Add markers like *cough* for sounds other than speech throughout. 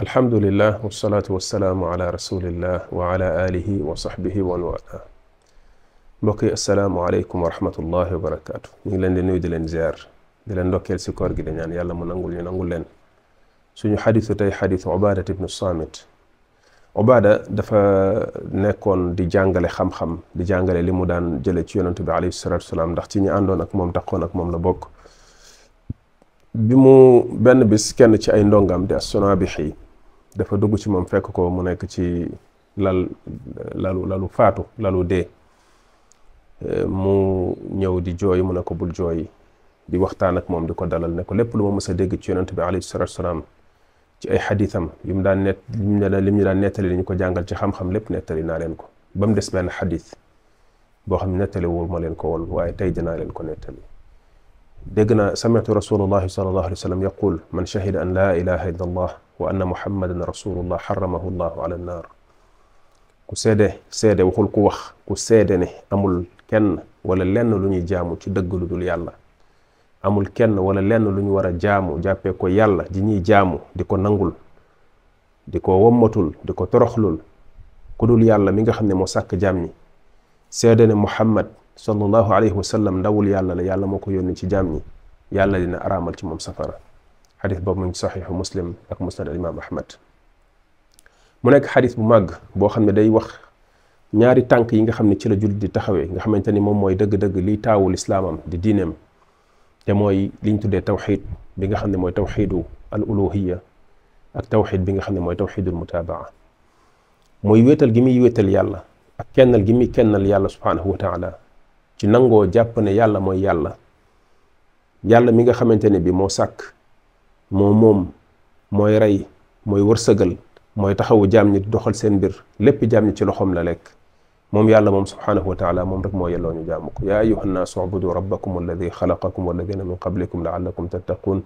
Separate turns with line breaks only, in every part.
alhamdulillah wasalaatu wasalaamu ala rasulillah wa ala alihi wa sahbihi wa man wala mbokk yi asalaamu aleykum wa rahmatullahi wa barakaatu ñu ngi leen di nuyu di leen ziar di leen ndokkeel si koor gi di ñaan yàlla mu nangul ñu nangul leen suñu xadisu tey xadisu ubadat ibnu saamit ubaada dafa nekkoon di jàngale xam-xam di jàngale li mu daan jële ci yonantu bi alayhi salatu wasalaam ndax ci ñi àndoon ak moom taxoon ak moom la bokk bi mu benn bis kenn ci ay ndongam di as-Sunaabihi yi dafa dugg ci moom fekk ko mu nekk ci lal lalu lalu faatu lalu dee euh, mu ñëw di jooy mu ne ko bul jooy di waxtaan ak moom di ko dalal ne ko lépp lu ma mës a dégg ci yonent bi alayhi salaatu salaam ci ay xadiitam yu mu daan net lim ñu daan nettali li ko jàngal ci xam-xam lépp nettali naa leen ko ba mu des benn xadiis boo xam ne nettali wul ma leen ko woon waaye tey dinaa leen ko nettali dégg naa samitu rasulullahi sallallahu alayhi wa sallam yaqul man shahida an laa ilaha illa wa anna muhammadan rasulullah xaramahu llahu ala nnaar ku seede waxul ku wax ku seede ne amul kenn wala lenn lu ñuy jaamu ci dëgg yàlla amul kenn wala lenn lu ñu war a jaamu jàppee ko yàlla di ñuy jaamu di ko nangul di ko wommatul di ko toroxlul ku dul yàlla mi nga xam ne moo sàkk jaam ñi seede ne muhammad sallallahu alayhi wa sallam ndawul yàlla la yàlla moo ko yónni ci jaam ñi yàlla dina araamal ci moom safara xadis boobu mu ngi saxiixu muslim ak musnad al imaam ahmad mu nekk xadis bu màgg boo xam ne day wax ñaari tànk yi nga xam ne ci la jullit di taxawee nga xamante ni moom mooy dëgg-dëgg liy taawul islaamam di diineem te mooy liñ tuddee tawxid bi nga xam ne mooy tawxidu al uluhiya ak tawxid bi nga xam ne mooy tawxidul mutabaa mooy wéetal gi muy wéetal yàlla ak kennal gi mu kennal yàlla subhaanahu wa taala ci nangoo jàpp ne yàlla mooy yàlla yàlla mi nga xamante ne bi moo sàkk moo moom mooy rey mooy wërsëgal mooy taxawu jaam ñi doxal seen mbir lépp jaam ñi ci loxoom la lekk moom yàlla moom subhaanahu wa taala moom rek moo yelloo ñu jaamu ko yaa ayuha nnaasu ubudu rabbakum alladi xalaqakum walladina min qablikum laallakum tattaquun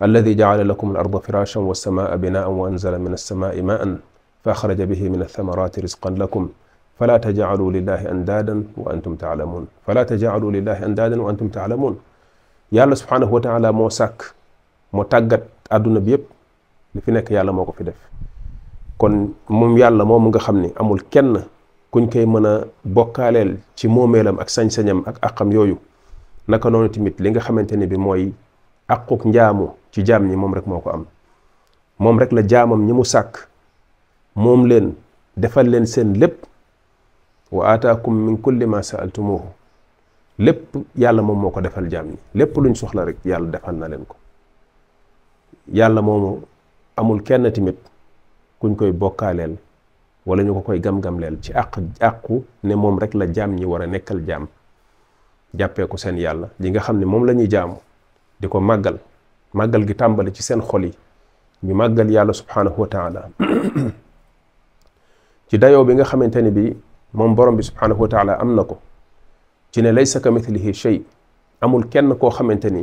alladi jacala lakum al arda firashan wa alsamaa binaan wa anzala min alsamaai maan fa axraja bihi min althamarati risqan lakum fala taj'alu lillahi andaadan wa antum taalamun fala taj'alu lillahi andaadan wa antum taalamun yàlla subhaanahu wa taala moo sàkk moo tàggat àdduna bi yëpp li fi nekk yàlla moo ko fi def kon moom yàlla moom nga xam ni amul kenn kuñ koy mën a bokkaaleel ci moomeelam ak sañ-sañam ak àqam yooyu naka noonu tamit li nga xamante ni bi mooy àquk njaamu ci jaam ñi moom rek moo ko am moom rek la jaamam ñi mu sàkk moom leen defal leen seen lépp wa aataakum min kulli ma saaltumuhu lépp yàlla moom moo ko defal jaam ñi lépp luñ soxla rek yàlla defal na leen ko yàlla moomu amul kenn tamit kuñ koy bokkaaleel wala ñu ko koy gam-gamleel ci àq àqu ne moom rek la jaam ñi war a nekkal jaam jàppee ko seen yàlla li nga xam ne moom la ñuy jaamu di ko màggal màggal gi tàmbali ci seen xol yi ñu màggal yàlla subhanahu wa taala *coughs* ci dayoo bi nga xamante bi moom borom bi subhaanahu wa taala am na ko ci ne laysa ka mithlihi shay amul kenn koo xamante ni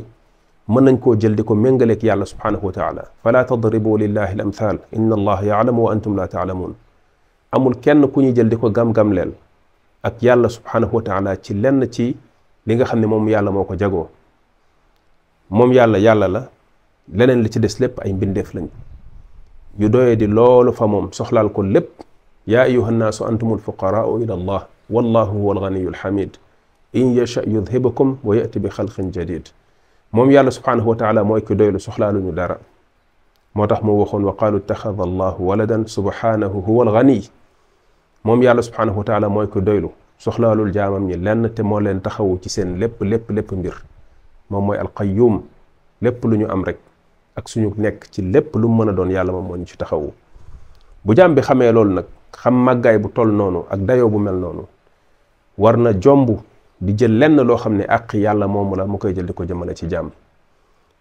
mën nañ koo jël di ko méngaleeg yàlla subhaanahu wa taala fala tadribu lillahi al amthal inna allaha yaalamu wa antum la taalamuun amul kenn ku ñu jël gam-gam leel ak yàlla subhaanahu wa ci lenn ci li nga xam ne moom yàlla moo ko jagoo moom yàlla yàlla la leneen li ci des lépp ay mbindeef lañ yu doyee di loolu fa moom soxlaal ko lépp yaa ayuha annaasu antum alfuqaraau ila allah wallahu huwa alganiyu alhamid in yasha yudhibukum wa yati bi xalqin jadid moom yàlla subhaanahu wa taala mooy ki doylu soxlaaluñu dara moo tax moo waxoon wa qaalu ittaxada allahu waladan subhaanahu huwa alganiy moom yàlla subhaanahu wa taala mooy ki doylu soxlaalul jaamam ñi lenn te moo leen taxawu ci seen lépp lépp lépp mbir moom mooy alqayyum lépp lu ñu am rek ak suñu nekk ci lépp lu mën a doon yàlla moom moo ñu ci taxawu bu jaam bi xamee loolu nag xam màggaay bu toll noonu ak dayoo bu mel noonu war na jomb di jël lenn loo xam ne àq yàlla moomu la mu koy jël di ko jëmale ci jaam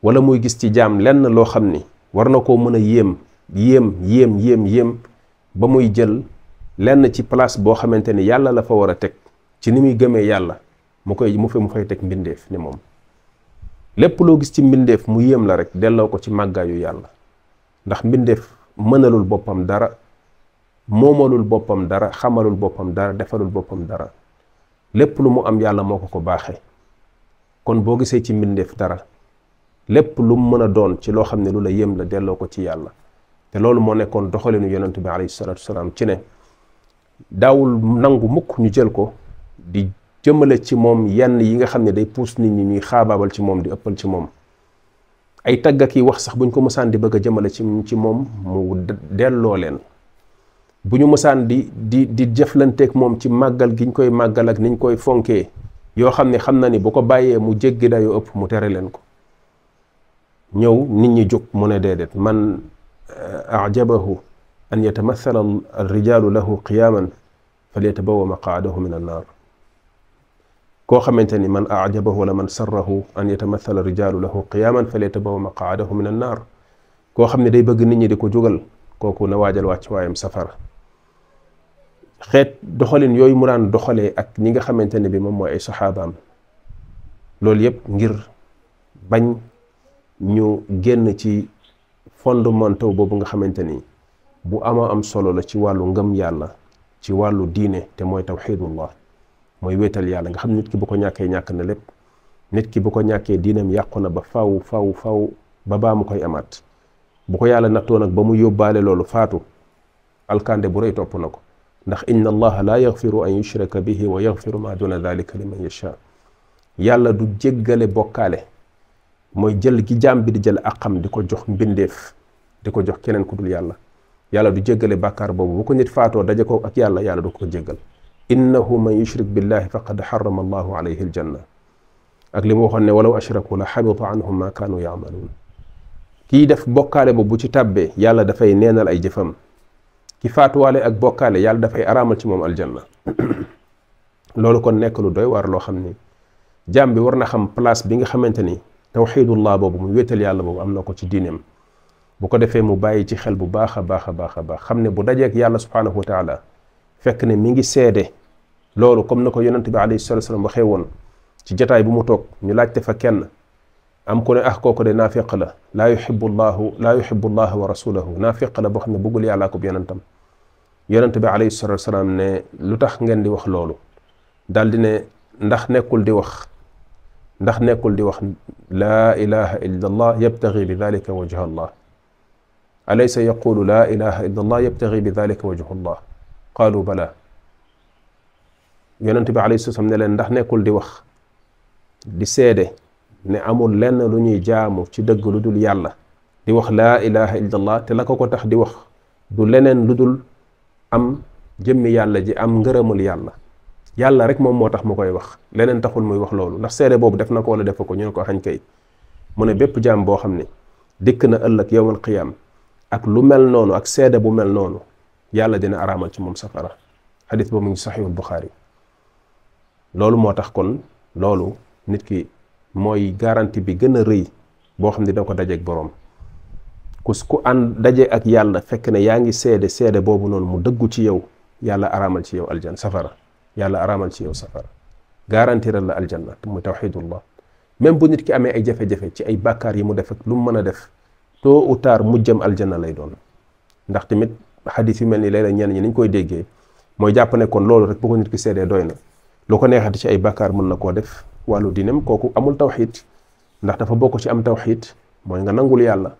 wala muy gis ci jaam lenn loo xam ni war na koo mën a yéem yéem yéem yéem yéem ba muy jël lenn ci place boo xamante ni yàlla la fa war a teg ci ni muy gëmee yàlla mu koy mu fi mu fay teg mbindeef ni moom lépp loo gis ci mbindeef mu yéem la rek delloo ko ci màggaayu yàlla ndax mbindeef mënalul boppam dara moomalul boppam dara xamalul boppam dara defalul boppam dara lépp lu mu am yàlla moo ko ko baaxee kon boo gisee ci mbindeef dara lépp lu mu mën a doon ci loo xam ne lu la yem la delloo ko ci yàlla te loolu moo nekkoon doxalinu yonent bi alayhi salaatu salaam ci ne daawul nangu mukk ñu jël ko di jëmale ci moom yenn yi nga xam ne day puus nit ñi ñuy xaabaabal ci moom di ëppal ci moom ay tagg ak wax sax bu ñu ko mësaan di bëgg a jëmale ci ci moom mu delloo leen bu ñu mësaan di di di jëflanteeg moom ci màggal gi ñu koy màggal ak ni koy fonkee yoo xam ne xam na ni bu ko bàyyee mu jéggi dayu ëpp mu tere leen ko ñëw nit ñi jóg mu ne déedéet man eh, ajabahu an yatamathala alrijaalu lahu qiyaaman falyatabawa maqaadahu min naar koo xamante ni man ajabahu wala man sarrahu an yatamathala rijaalu lahu qiyaaman falyatabawa maqaadahu min naar koo xam ne day bëgg nit ñi di ko jógal kooku na waajal wàcc waayam safara xeet doxalin yooyu mu daan doxalee ak ñi nga xamante ne bi moom mooy ay saxaabaam loolu yëpp ngir bañ ñu génn ci fondamental boobu nga xamante ni bu ama am solo la ci wàllu ngëm yàlla ci wàllu diine te mooy tawxidullah mooy wéetal yàlla nga xam nit ki bu ko ñàkkee ñàkk na lépp nit ki bu ko ñàkkee diinam yàqu na ba faw faw faw ba baa mu koy amaat bu ko yàlla nattoo nag ba mu yóbbaale loolu faatu alkande bu rey topp na ko ndax inna allaha laa yaxfiru an yushraka bihi wa yaxfiru ma duna dalika liman yasha yàlla du jéggale bokkaale mooy jël ki jaam bi di jël ak xam di ko jox mbindeef di ko jox keneen ku dul yàlla yàlla du jéggale bàkkaar boobu bu ko nit faatoo daj ko yàlla yàlla du ko jéggal innahu man yushrik billahi faqad xarama allahu alayhi aljanna ak li mu waxoon ne walaw ashraku la xabita anhum ma kaanu yaamaluun kii def bokkaale boobu bu ci tàbbee yàlla dafay neenal ay jëfam ki faatuwaale ak bokkaale yàlla dafay araamal ci moom aljanna *clears throat* loolu kon nekk lu doy war loo xam ni jaam bi war na xam place bi nga xamante ni tawxidullah boobu mu wetal yàlla boobu am na ko ci diineem bu ko defee mu bàyyi ci xel bu baax a baax a baax a baax xam ne bu dajeek yàlla subhaanahu wa taala fekk ne mi ngi seede loolu comme na ko yonent bi alayhi salatu wasallam waxee woon ci jataay bu mu toog ñu laajte fa kenn am ku ne ah kooku de naafiq la laa yuhibbu llahu laa yuhibbu llaha wa rasulahu naafiq la boo xam ne bëggul yàllaa ko yonentam yonent bi alayhi salatu wasallam ne lu tax ngeen di wax loolu daal di ne ndax nekkul di wax ndax nekkul di wax laa ilaha illa allah yabtagi bi dalika wajha allah alaysa yaqulu laa ilaha illa allah yabtagi bi dalika wajhu allah qaalu bala yonent bi alayhi salaam ne leen ndax nekkul di wax di seede ne amul lenn lu ñuy jaamu ci dëgg lu dul yàlla di wax laa ilaha illallah te la ko ko tax di wax du leneen lu dul am jëmmi yàlla ji am ngërëmul yàlla yàlla rek moom moo tax mu koy wax leneen taxul muy wax loolu ndax seede boobu def na ko wala def ko ñu ne ko xañ kay mu ne bépp jaam boo xam ne dikk na ëllëg yowmal qiyaam ak lu mel noonu ak seede bu mel noonu yàlla dina araamal ci moom safara xadis boobu mu ngi saxiixul Buxaari loolu moo tax kon loolu nit ki mooy garanti bi gën a rëy boo xam ne da ko dajeeg boroom ku ku ànd daje ak yàlla fekk ne yaa ngi seede seede boobu noonu mu dëggu ci yow yàlla araamal ci yow aljan safara yàlla araamal ci yow safara garantiral la aljanna muy tawxidullah même bu nit ki amee ay jafe ci ay bàkkaar yi mu def ak lu mu mën a def tôt ou tard mujjam aljanna lay doon ndax tamit xadis yu mel ni léeg-léeg ñenn ñi niñ koy déggee mooy jàpp ne kon loolu rek bu ko nit ki seedee doy na lu ko neexati ci ay bàkkaar mën na koo def wàllu diinam kooku amul tawxiid ndax dafa bokk ci am tawxiid mooy nga nangul yàlla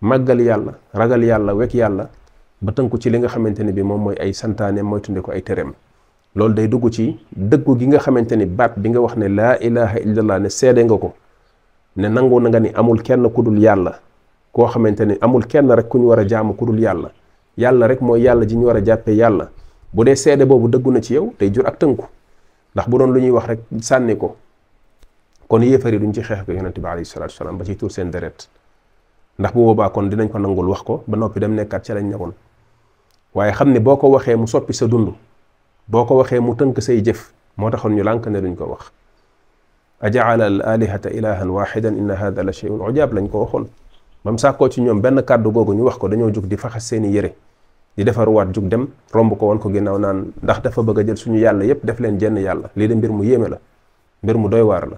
màggal yàlla ragal yàlla wekk yàlla ba tënku ci li nga xamante ne bi moom mooy ay santaaneem mooy tunde ko ay tereem loolu day dugg ci dëggu gi nga xamante ni baat bi nga wax ne laa ilaha illallah ne seede nga ko ne nangu na nga ni amul kenn ku dul yàlla koo xamante ni amul kenn rek ku ñu war a jàmm ku dul yàlla yàlla rek mooy yàlla ji ñu war a jàppee yàlla bu dee seede boobu dëggu na ci yow day jur ak tënku ndax bu doon lu ñuy wax rek sànni ko kon yéefar yi duñ ci xeex ko yonente bi alayhi salatu ba ci tuur seen deret ndax bu boobaa kon dinañ ko nangul wax ko ba noppi dem nekkaat ca lañ nekkoon waaye xam ne boo ko waxee mu soppi sa dund boo ko waxee mu tënk say jëf moo taxoon ñu lànk ne duñ ko wax ajaala al alihata ilahan waxidan inna hada la sheyun ujaab lañ ko waxoon ba mu sàkkoo ci ñoom benn kàddu googu ñu wax ko dañoo jóg di faxas seeni yére di defaruwaat jug dem romb ko woon ko ginnaaw naan ndax dafa bëgg a jël suñu yàlla yépp def leen jenn yàlla lii de mbir mu yéeme la mbir mu doy waar la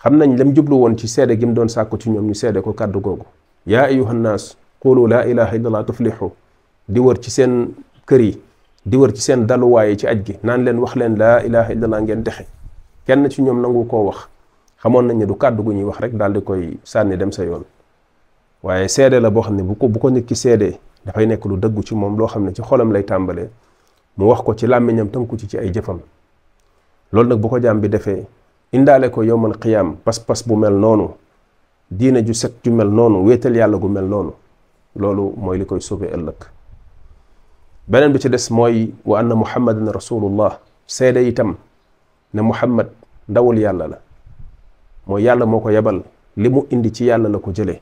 xam nañ lam jublu woon ci seede gi mu doon sàkku ci ñoom ñu seede ko kàddu googu yaa ayuha nnaas qulu laa ilaha illallah tuflihu di wër ci seen kër yi di wër ci seen daluwaaye ci aj gi naan leen wax leen laa ilaha illallah ngeen texe kenn ci ñoom nangu koo wax xamoon nañ ne du kàddu gu ñuy wax rek daal di koy sànni dem sa yoon waaye seede la boo xam ne bu ko bu ko nit ki seedee dafay nekk lu dëggu ci moom loo xam ne ci xolam lay tàmbalee mu wax ko ci làmmiñam tënku ci ci ay jëfam loolu nag bu ko jaam bi defee indaale ko yowmal qiyaam pas-pas bu mel noonu diina ju set ju mel noonu wéetal yàlla gu mel noonu loolu mooy li koy sauver ëllëg beneen bi ci des mooy wa anna muhammadan rasulullah seede itam ne muhammad ndawul yàlla la mooy yàlla moo ko yebal li mu indi ci yàlla la ko jëlee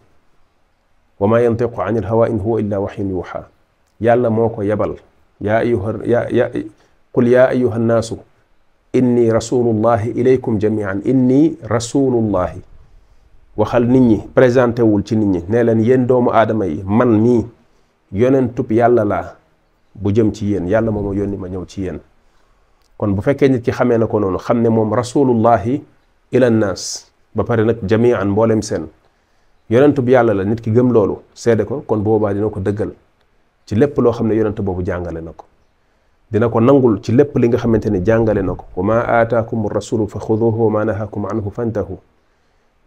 wa ma yantiqu an ilhawa in huwa illa waxyun yuuxa yàlla moo ko yebal yaa ayuha ya qul yaa ayuha nnaasu inni rasulullahi ilaykum jamian inni rasulullahi waxal nit ñi présenté wul ci nit ñi nee leen yéen doomu aadama yi man yonen yonentub yàlla laa bu jëm ci yéen yàlla mooma yónni ma ñëw ci yéen kon bu fekkee nit ki xamee na ko noonu xam ne moom rasulullahi ila naas ba pare nag jamian mboolem seen yonent bu yàlla la nit ki gëm loolu seede ko kon boobaa dina ko dëggal ci lépp loo xam ne yonent boobu jàngale na ko dina ko nangul ci lépp li nga xamante ne jàngale na ko wa ma aataakum rasulu fa xuduhu wa ma nahakum anhu fantahu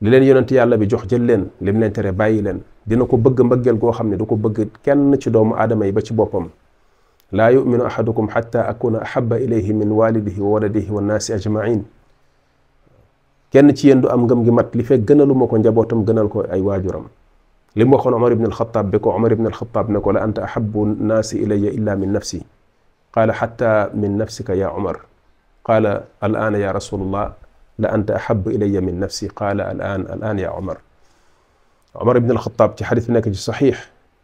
li leen yonent yàlla bi jox jël leen lim leen tere bàyyi leen dina ko bëgg mbëggeel goo xam ne du ko bëgg kenn ci doomu aadama yi ba ci boppam laa yuminu ahadukum xatta akuna ahaba ilayhi min walidihi wa waladihi wa nnaasi ajmain kenn ci yéen du am ngëm gi mat li fekk gënaluma ko njabootam gënal ko ay waajuram li mu waxoon omar ibn alxataab bi ko omar ibn alxataab ne ko la anta ahabu xab ilaya illa min nafsi qaala xatta min nafsika ya omar qaala al aan ya rasulullah la anta ahabu ilaya min nafsi qaala al aan al aan ya omar omar ibn alxataab ci xadis bi nekk ci saxiix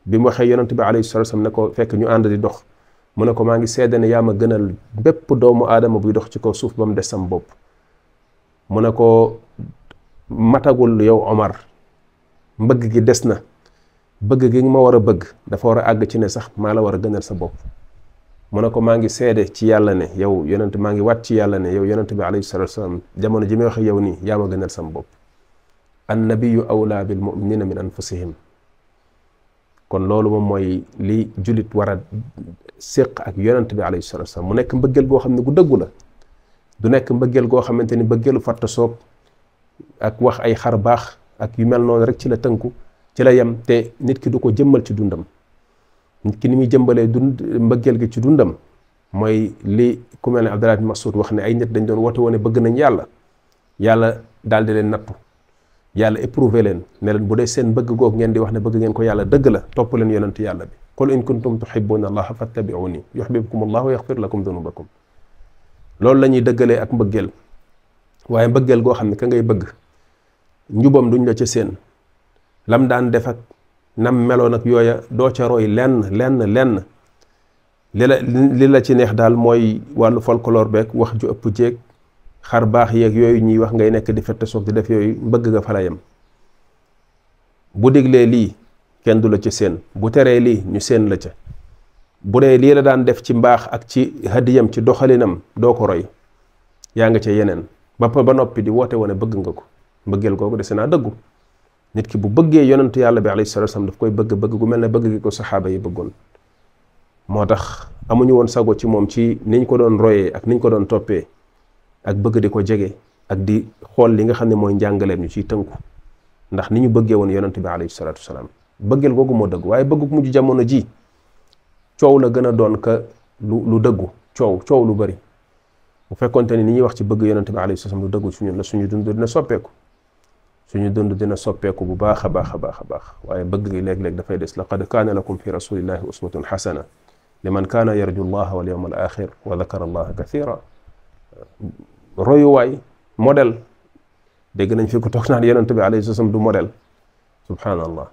bi mu waxee yonente bi alayhi salatu wasallam ne ko fekk ñu ànd di dox mu ko maa ngi seede ne yaa ma gënal bépp doomu aadama buy dox ci kaw suuf ba mu des sam bopp mu ne ko matagul yow Omar mbëgg gi des na bëgg gi nga ma war a bëgg dafa war a àgg ci ne sax maa la war a gënal sa bopp mu ne ko maa ngi seede ci yàlla ne yow yonent maa ngi wat ci yàlla ne yow yonent bi alayhi salatu wasalaam jamono ji may wax yow nii yaa ma gënal sama bopp annabiyu awlaa bil muminina min anfusihim kon loolu moom mooy li jullit war a séq ak yonent bi alayhi salatu wasalaam mu nekk mbëggeel boo xam ne gu dëggu la du nekk mbëggeel goo xamante ni mbëggeelu fàtte soog ak wax ay xar baax ak yu mel noonu rek ci la tënku ci la yam te nit ki du ko jëmbal ci dundam nit ki ni muy jëmbalee dund mbëggeel gi ci dundam mooy li ku mel ne Abdallah bin Mas'ud wax ne ay nit dañ doon woote woon bëgg nañ yàlla yàlla daal di leen nattu yàlla éprouvé leen ne leen bu dee seen bëgg googu ngeen di wax ne bëgg ngeen ko yàlla dëgg la topp leen yonent yàlla bi qul in kuntum tuhibbuna allaha fattabi'uni yuhibbukum allahu wa yaghfir lakum loolu la ñuy dëggalee ak mbëggeel waaye mbëggeel goo xam ne ka ngay bëgg njubam duñ la ca séen lam daan def ak nam meloon ak yooya doo ca roy lenn lenn lenn li la li la ci neex daal mooy wàllu folklore beek wax ju ëpp jeeg xar baax yeeg yooyu ñuy wax ngay nekk di fette soog di def yooyu mbëgg nga fa yem bu diglee lii kenn du la ca séen bu teree lii ñu séen la ca bu dee lii la daan def ci mbaax ak ci hadiyam ci doxalinam doo ko roy yaa ngi ca yeneen ba ba noppi di woote wane bëgg nga ko mbëggeel googu dese naa dëggu nit ki bu bëggee yonentu yàlla bi alayhi salatu wasallam daf koy bëgg bëgg gu mel ne bëgg gi ko saxaaba yi bëggoon tax amuñu woon sago ci moom ci niñ ko doon royee ak niñ ko doon toppee ak bëgg di ko jege ak di xool li nga xam ne mooy njàngaleem ñu ciy tënku ndax ni ñu bëggee woon yonent bi alayhi salatu wasalam bëggeel googu moo dëgg waaye bëgg mujj jamono ji coow la gën a doon ka lu lu dëggu coow coow lu bari bu fekkonte ni ni ñuy wax ci bëgg yonente bi alayhi salaam lu dëggu suñu la suñu dund dina soppeeku suñu dund dina soppeeku bu baax a baax a baax a baax waaye bëgg gi léeg-léeg dafay des laqad kaana lakum fi rasulillahi uswatun xasana liman kaana yarju llaha wal la al axir wa dakara allaha kathira royuwaay modèle dégg nañ fi ko toog naan bi alayhi salaam du modèle subhanallah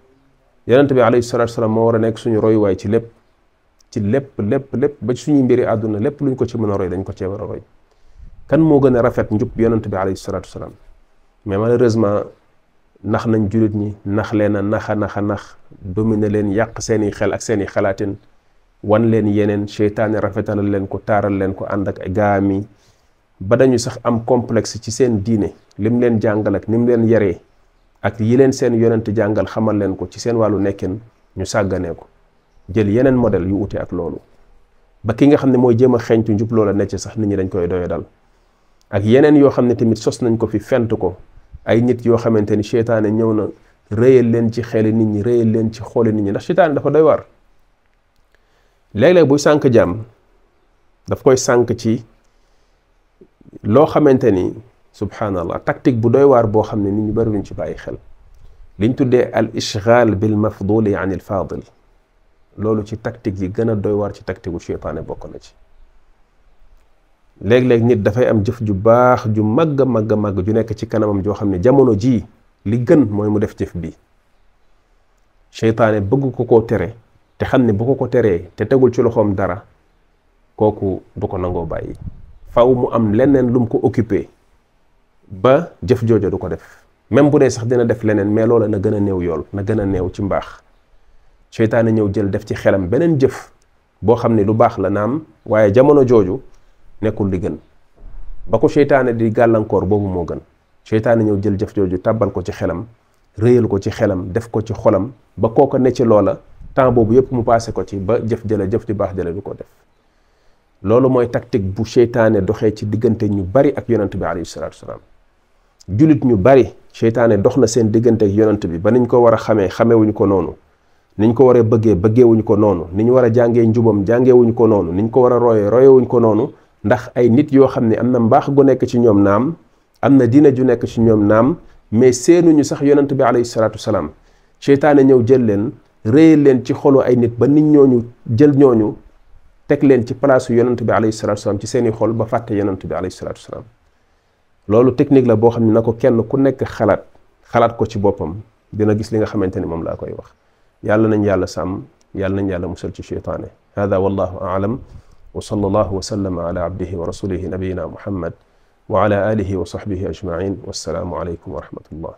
yonente bi alayhi salatu salaam moo war a nekk suñu royuwaay ci lépp ci lépp lépp lépp ba ci suñuy mbiri àdduna lépp luñ ko ci mën a roy dañ ko cee war a roy kan moo gën a rafet njub yonent bi alayhi salaatu wasalaam mais malheureusement nax nañ jullit ñi nax leen a nax a nax a nax dominer leen yàq seeni xel ak seeni xalaatin wan leen yeneen seytaane rafetalal leen ko taaral leen ko ànd ak gaami ba dañu sax am complexe ci seen diine lim leen jàngal ak nim leen yaree ak yi leen seen yonent jàngal xamal leen ko ci seen wàllu nekkin ñu sàgganee ko jël yeneen modèle yu ute ak loolu ba ki nga xam ne mooy jéem a xeeñtu njub loola necc sax nit ñi dañ koy doye dal ak yeneen yoo xam ne tamit sos nañ ko fi fent ko ay nit yoo xamante ni seytaane ñëw na réyal leen ci xeli nit ñi réyal leen ci xooli nit ñi ndax seytaane dafa doy waar léeg-léeg buy jàmm daf koy ci loo xamante ni subhanallah tactique bu doy waar boo xam ne nit ñu bari duñ ci bàyyi xel liñ tuddee al ishghal bil mafduli an il faadil loolu ci tactique yi gën a doy waar ci tactique gu seytaane bokk na ci léeg-léeg nit dafay am jëf ju baax ju màgg a màgg a màgg ju nekk ci kanamam joo xam ne jamono jii li gën mooy mu def jëf bi seytaane bëgg ko ko tere te xam ne bu ko ko teree te tegul ci loxoom dara kooku du ko nangoo bàyyi faw mu am leneen lum ko occupé ba jëf joojo du ko def même bu dee sax dina def leneen mais loola na gën a néew yool na gën a néew ci mbaax seytaane ñëw jël def ci xelam beneen jëf boo xam ne lu baax la naam waaye jamono jooju nekkul li gën ba ko seytaane di gàllankoor boobu moo gën seytaane ñëw jël jëf jooju tàbbal ko ci xelam réyal ko ci xelam def ko ci xolam ba kooka ne ci loola temps boobu yëpp mu passé ko ci ba jëf jële jëf di baax jële du ko def loolu mooy tactique bu seytaane doxee ci diggante ñu bari ak yonent bi alayhi salaatu wasalaam jullit ñu bari seytaane dox na seen diggante ak bi ba niñ ko war a xamee xamewuñ ko noonu niñ ko war a bëggee bëggeewuñ ko noonu ni ñu war a jàngee njubam jàngeewuñ ko noonu ñu ko war a royee royewuñ ko noonu ndax ay nit yoo xam ne am na mbaax gu nekk ci ñoom naam am na diina ju nekk ci ñoom naam mais seenuñu sax yonent bi alayhi salaatu salaam seytaane ñëw jël leen réyal leen ci xolu ay nit ba nit ñooñu jël ñooñu teg leen ci palaasu yonent bi alayhi salaatu salaam ci seeni xol ba fàtte yonent bi alayhi salaatu salaam loolu technique la boo xam ne na ko kenn ku nekk xalaat xalaat ko ci boppam dina gis li nga xamante ni moom laa koy wax yàlla nañ yàlla sàmm yàlla nañ yàlla musal ci cheytaane hada wallahu aalam wa sallallahu wa sallama ala abdihi wa rasulihi nabiyina muhammad wa ala alihi wa sahbihi ajmain wassalaamu aleykum wa rahmatullah